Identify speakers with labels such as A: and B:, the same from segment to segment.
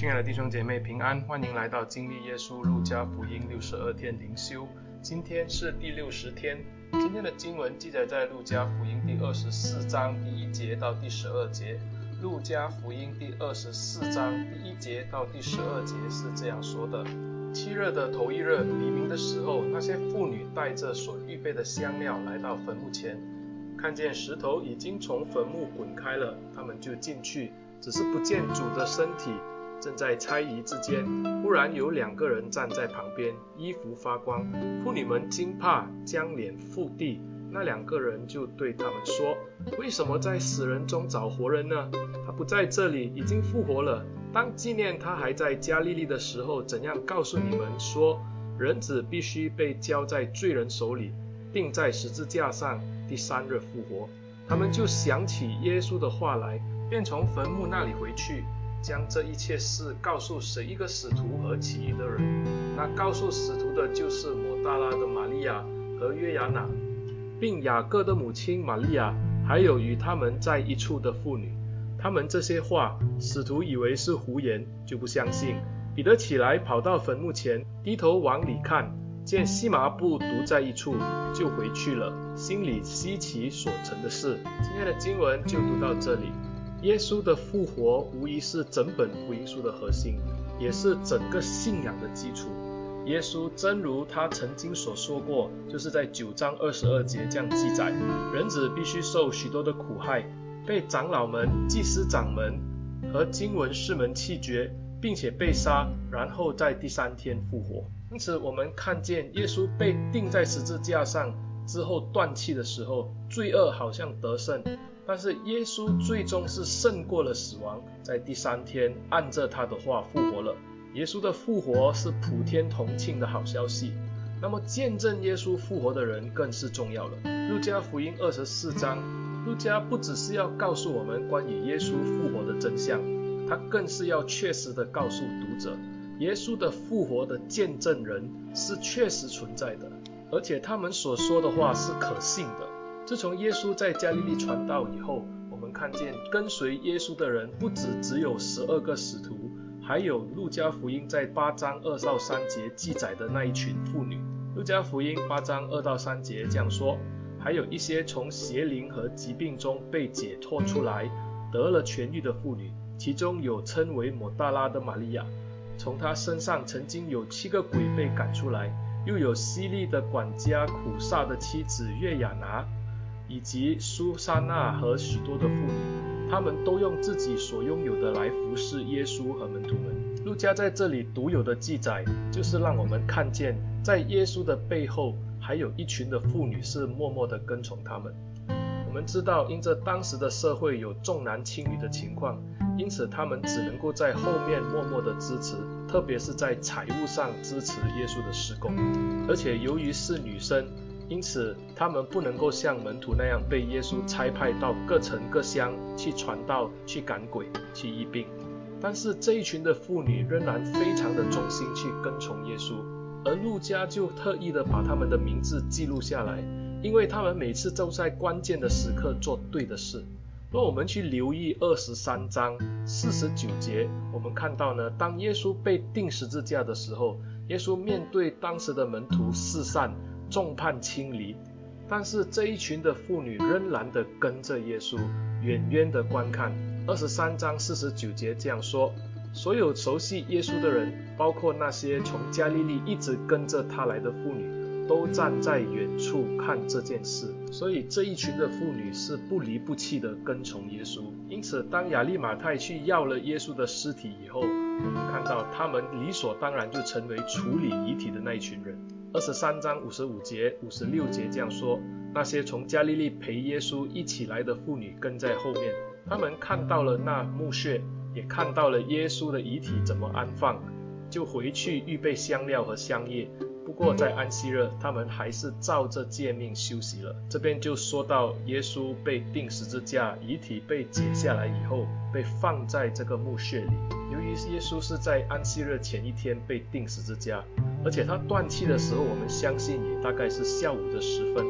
A: 親愛的弟兄姐妹平安，歡迎來到《經歷耶穌路加福音》六十二天靈修。今天是第六十天。今天的經文記載在《路加福音》第二十四章第一節到第十二節。《路加福音》第二十四章第一節到第十二節是這樣說的：“七日的頭一日，黎明的時候，那些婦女帶着所預備的香料來到墳墓前，看見石頭已經從墳墓滾開了，他們就進去，只是不見主的身體。”正在猜疑之間，忽然有兩個人站在旁邊，衣服發光。婦女們驚怕，將臉伏地。那兩個人就對他們說：“為什麼在死人中找活人呢？他不在這裡，已經復活了。當記念他還在加利利的時候，怎樣告訴你們說，人子必須被交在罪人手裡，釘在十字架上，第三日復活。”他們就想起耶穌的話來，便從墳墓那裡回去。將這一切事告訴十一個使徒和其餘的人。那告訴使徒的就是抹大拉的瑪利亞和約亞娜，並雅各的母親瑪利亞，還有與他們在一處的婦女。他們這些話，使徒以為是胡言，就不相信。彼得起來，跑到墳墓前，低頭往裡看，見西麻布獨在一處，就回去了，心裡稀奇所成的事。今天的經文就讀到這裡。耶穌的復活無疑是整本福音書的核心，也是整個信仰的基礎。耶穌真如他曾經所說過，就是在九章二十二節這樣記載：人子必須受許多的苦害，被長老們、祭司長們和經文士們棄絕，並且被殺，然後在第三天復活。因此，我們看見耶穌被釘在十字架上之後斷氣的時候，罪惡好像得勝。但是耶穌最終是勝過了死亡，在第三天按着他的話復活了。耶穌的復活是普天同慶的好消息。那麼見證耶穌復活的人更是重要了。路加福音二十四章，路加不只是要告訴我們關於耶穌復活的真相，他更是要確實的告訴讀者，耶穌的復活的見證人是確實存在的，而且他們所說的話是可信的。自從耶穌在加利利傳道以後，我們看見跟隨耶穌的人不止只有十二個使徒，還有路加福音在八章二到三節記載的那一群婦女。路加福音八章二到三節這樣說：還有一些從邪靈和疾病中被解脫出來、得了痊癒的婦女，其中有稱為抹大拉的瑪利亞，從她身上曾經有七個鬼被趕出來；又有希律的管家苦撒的妻子約亞娜。以及蘇珊娜和許多的婦女，她們都用自己所擁有的來服侍耶穌和門徒們。路加在這裡獨有的記載，就是讓我們看見，在耶穌的背後，還有一群的婦女是默默的跟從他們。我們知道，因着當時的社會有重男輕女的情況，因此她們只能夠在後面默默的支持，特別是在財務上支持耶穌的事工。而且由於是女生，因此，他們不能夠像門徒那樣被耶穌差派到各城各鄉去傳道、去趕鬼、去醫病。但是這一群的婦女仍然非常的忠心去跟從耶穌，而路加就特意的把他們的名字記錄下來，因為他們每次都在關鍵的時刻做對的事。若我們去留意二十三章四十九節，我們看到呢，當耶穌被釘十字架的時候，耶穌面對當時的門徒四散。眾叛親離，但是這一群的婦女仍然的跟着耶穌，遠遠的觀看。二十三章四十九節這樣說：所有熟悉耶穌的人，包括那些從加利利一直跟着他來的婦女，都站在遠處看這件事。所以這一群的婦女是不離不棄的跟從耶穌。因此，當亞利馬太去要了耶穌的屍體以後，我們看到他們理所當然就成為處理遺體的那一群人。二十三章五十五節、五十六節這樣說：那些從加利利陪耶穌一起來的婦女跟在後面，他們看到了那墓穴，也看到了耶穌的遺體怎麼安放，就回去預備香料和香液。不過在安息日，他們還是照着誡命休息了。這邊就說到耶穌被釘十字架，遺體被解下來以後，被放在這個墓穴裡。由於耶穌是在安息日前一天被釘十字架，而且他斷氣的時候，我們相信也大概是下午的時分。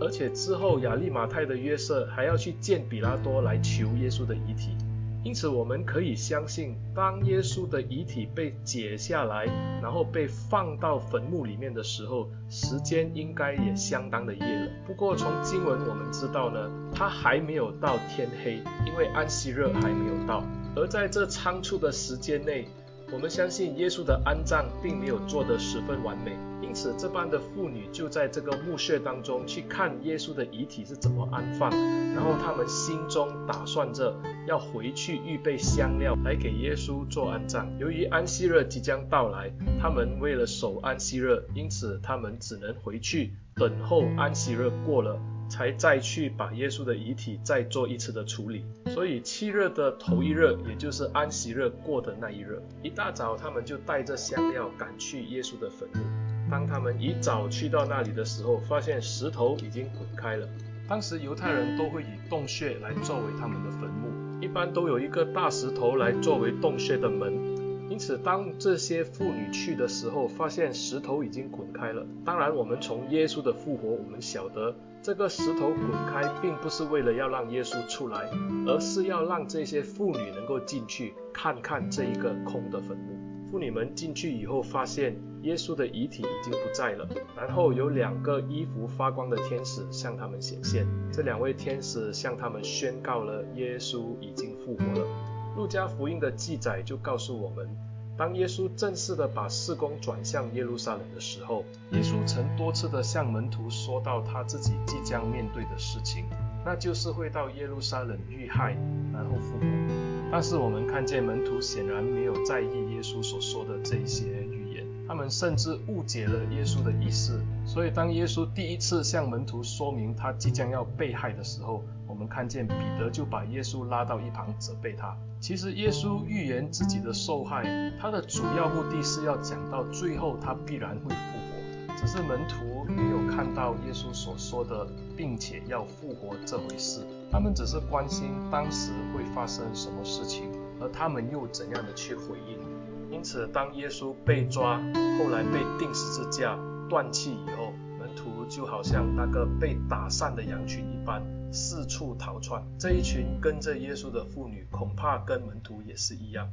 A: 而且之後，亞利馬太的約瑟還要去見彼拉多，來求耶穌的遺體。因此，我們可以相信，當耶穌的遺體被解下來，然後被放到墳墓裡面的時候，時間應該也相當的夜了。不過，從經文我們知道呢，他還沒有到天黑，因為安息日還沒有到。而在這倉促的時間內，我們相信耶穌的安葬並沒有做得十分完美，因此這般的婦女就在這個墓穴當中去看耶穌的遺體是怎麼安放，然後他們心中打算着要回去預備香料來給耶穌做安葬。由於安息日即將到來，他們為了守安息日，因此他們只能回去等候安息日過了，才再去把耶穌的遺體再做一次的處理，所以七日的頭一日，也就是安息日過的那一日，一大早他們就帶着香料趕去耶穌的墳墓。當他們一早去到那裡的時候，發現石頭已經滾開了。當時猶太人都會以洞穴來作為他們的墳墓，一般都有一個大石頭來作為洞穴的門。因此，當這些婦女去的時候，發現石頭已經滾開了。當然，我們從耶穌的復活，我們曉得這個石頭滾開，並不是為了要讓耶穌出來，而是要讓這些婦女能夠進去看看這一個空的墳墓。婦女們進去以後，發現耶穌的遺體已經不在了。然後有兩個衣服發光的天使向他們顯現，這兩位天使向他們宣告了耶穌已經復活了。路加福音的記載就告訴我們，當耶穌正式的把事工轉向耶路撒冷的時候，耶穌曾多次的向門徒說到他自己即將面對的事情，那就是會到耶路撒冷遇害，然後復活。但是我們看見門徒顯然沒有在意耶穌所說的這些預言，他們甚至誤解了耶穌的意思。所以當耶穌第一次向門徒說明他即將要被害的時候，我們看見彼得就把耶穌拉到一旁責備他。其實耶穌預言自己的受害，他的主要目的是要講到最後他必然會復活，只是門徒沒有看到耶穌所說的，並且要復活這回事。他們只是關心當時會發生什麼事情，而他們又怎樣的去回應。因此，當耶穌被抓，後來被釘十字架，斷氣以後。就好像那個被打散的羊群一般，四處逃竄。這一群跟着耶穌的婦女，恐怕跟門徒也是一樣。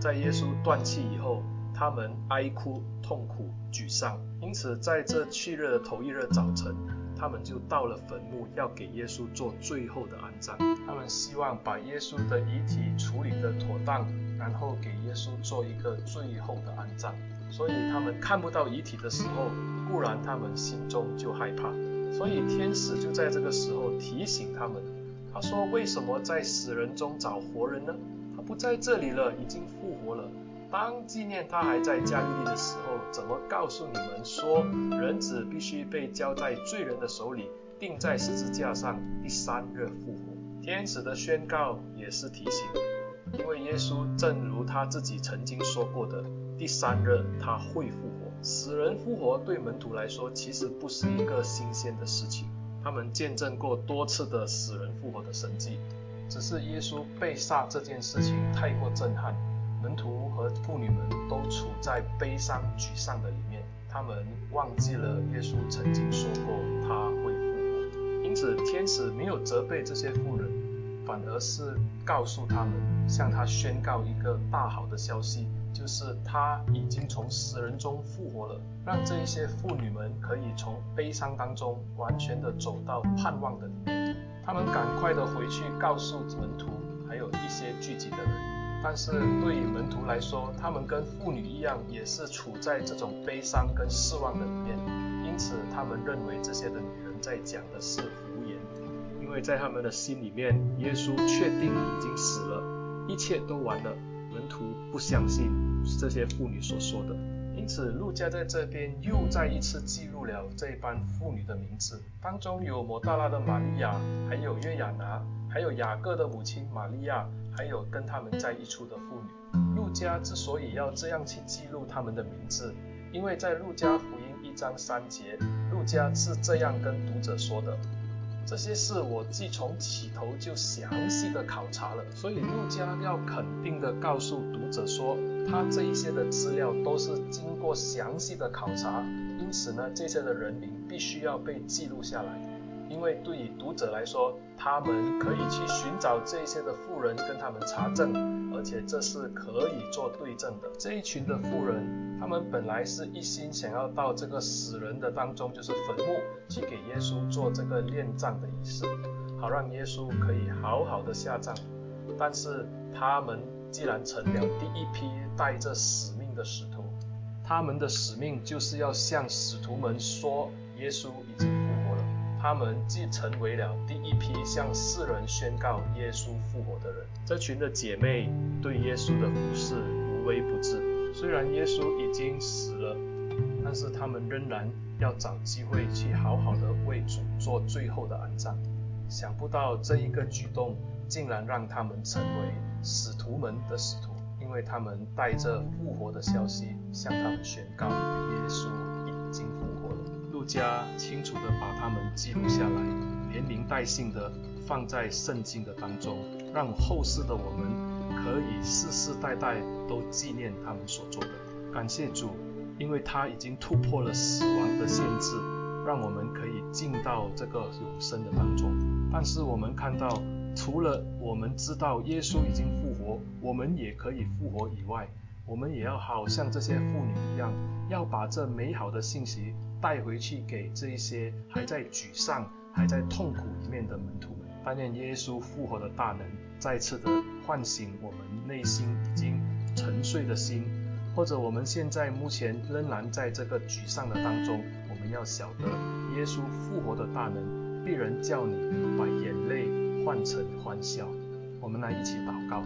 A: 在耶穌斷氣以後，他們哀哭、痛苦、沮喪。因此，在這七日的頭一日早晨，他們就到了墳墓，要給耶穌做最後的安葬。他們希望把耶穌的遺體處理得妥當，然後給耶穌做一個最後的安葬。所以他們看不到遺體的時候，固然他們心中就害怕。所以天使就在這個時候提醒他們，他說：“為什麼在死人中找活人呢？他不在這裡了，已經復活了。當紀念他還在加利利的時候，怎麼告訴你們說，人子必須被交在罪人的手裡，釘在十字架上，第三日復活？”天使的宣告也是提醒，因為耶穌正如他自己曾經說過的。第三日，他會復活。死人復活對門徒來說，其實不是一個新鮮的事情，他們見證過多次的死人復活的神蹟。只是耶穌被殺這件事情太過震撼，門徒和婦女們都處在悲傷沮喪的裡面，他們忘記了耶穌曾經說過他會復活。因此，天使沒有責備這些婦人，反而是告訴他們，向他宣告一個大好的消息。就是他已經從死人中復活了，讓這一些婦女們可以從悲傷當中完全的走到盼望的。他們趕快的回去告訴門徒，還有一些聚集的人。但是對於門徒來說，他們跟婦女一樣，也是處在這種悲傷跟失望的裡面，因此他們認為這些的女人在講的是胡言，因為在他們的心裡面，耶穌確定已經死了，一切都完了。門徒不相信這些婦女所說的，因此路加在這邊又再一次記錄了這班婦女的名字，當中有抹大拉的瑪利亞，還有約亞娜，還有雅各的母親瑪利亞，還有跟他們在一處的婦女。路加之所以要這樣去記錄他們的名字，因為在路加福音一章三節，路加是這樣跟讀者說的。這些事我既從起頭就詳細的考察了，所以路加要肯定的告訴讀者說，他這一些的資料都是經過詳細的考察，因此呢，這些的人名必須要被記錄下來。因為對於讀者來說，他們可以去尋找這些的婦人跟他們查證，而且這是可以做對證的。這一群的婦人，他們本來是一心想要到這個死人的當中，就是墳墓，去給耶穌做這個殮葬的儀式，好讓耶穌可以好好的下葬。但是他們既然成了第一批帶着使命的使徒，他們的使命就是要向使徒們說，耶穌已經。他們既成為了第一批向世人宣告耶穌復活的人，這群的姐妹對耶穌的服事無微不至。雖然耶穌已經死了，但是他們仍然要找機會去好好的為主做最後的安葬。想不到這一個舉動竟然讓他們成為使徒們的使徒，因為他們帶着復活的消息向他們宣告耶穌。更加清楚的把他們記錄下來，連名帶姓的放在聖經的當中，讓後世的我們可以世世代代都紀念他們所做的。感謝主，因為他已經突破了死亡的限制，讓我們可以進到這個永生的當中。但是我們看到，除了我們知道耶穌已經復活，我們也可以復活以外，我們也要好像這些婦女一樣，要把這美好的信息。帶回去給這些還在沮喪、還在痛苦裡面的門徒們。但願耶穌復活的大能再次的喚醒我們內心已經沉睡的心，或者我們現在目前仍然在這個沮喪的當中，我們要曉得耶穌復活的大能必然叫你把眼淚換成歡笑。我們來一起禱告，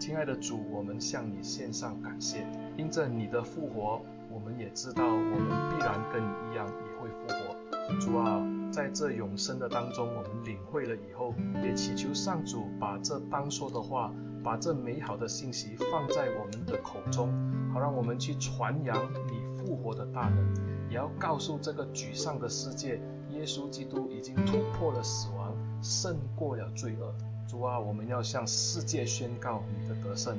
A: 親愛的主，我們向你獻上感謝，因着你的復活。我們也知道，我們必然跟你一樣，也會復活。主啊，在這永生的當中，我們領會了以後，也祈求上主把這當說的話，把這美好的信息放在我們的口中，好讓我們去傳揚你復活的大能，也要告訴這個沮喪的世界，耶穌基督已經突破了死亡，勝過了罪惡。主啊，我們要向世界宣告你的得勝。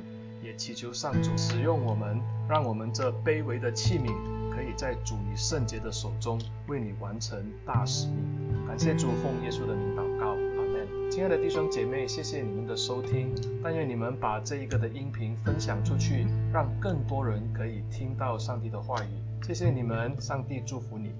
A: 也祈求上主使用我們，讓我們這卑微的器皿，可以在主與聖潔的手中，為你完成大使命。感謝主，奉耶穌的名禱告，阿門。親愛的弟兄姐妹，謝謝你們的收聽，但願你們把這一個的音頻分享出去，讓更多人可以聽到上帝的話語。謝謝你們，上帝祝福你。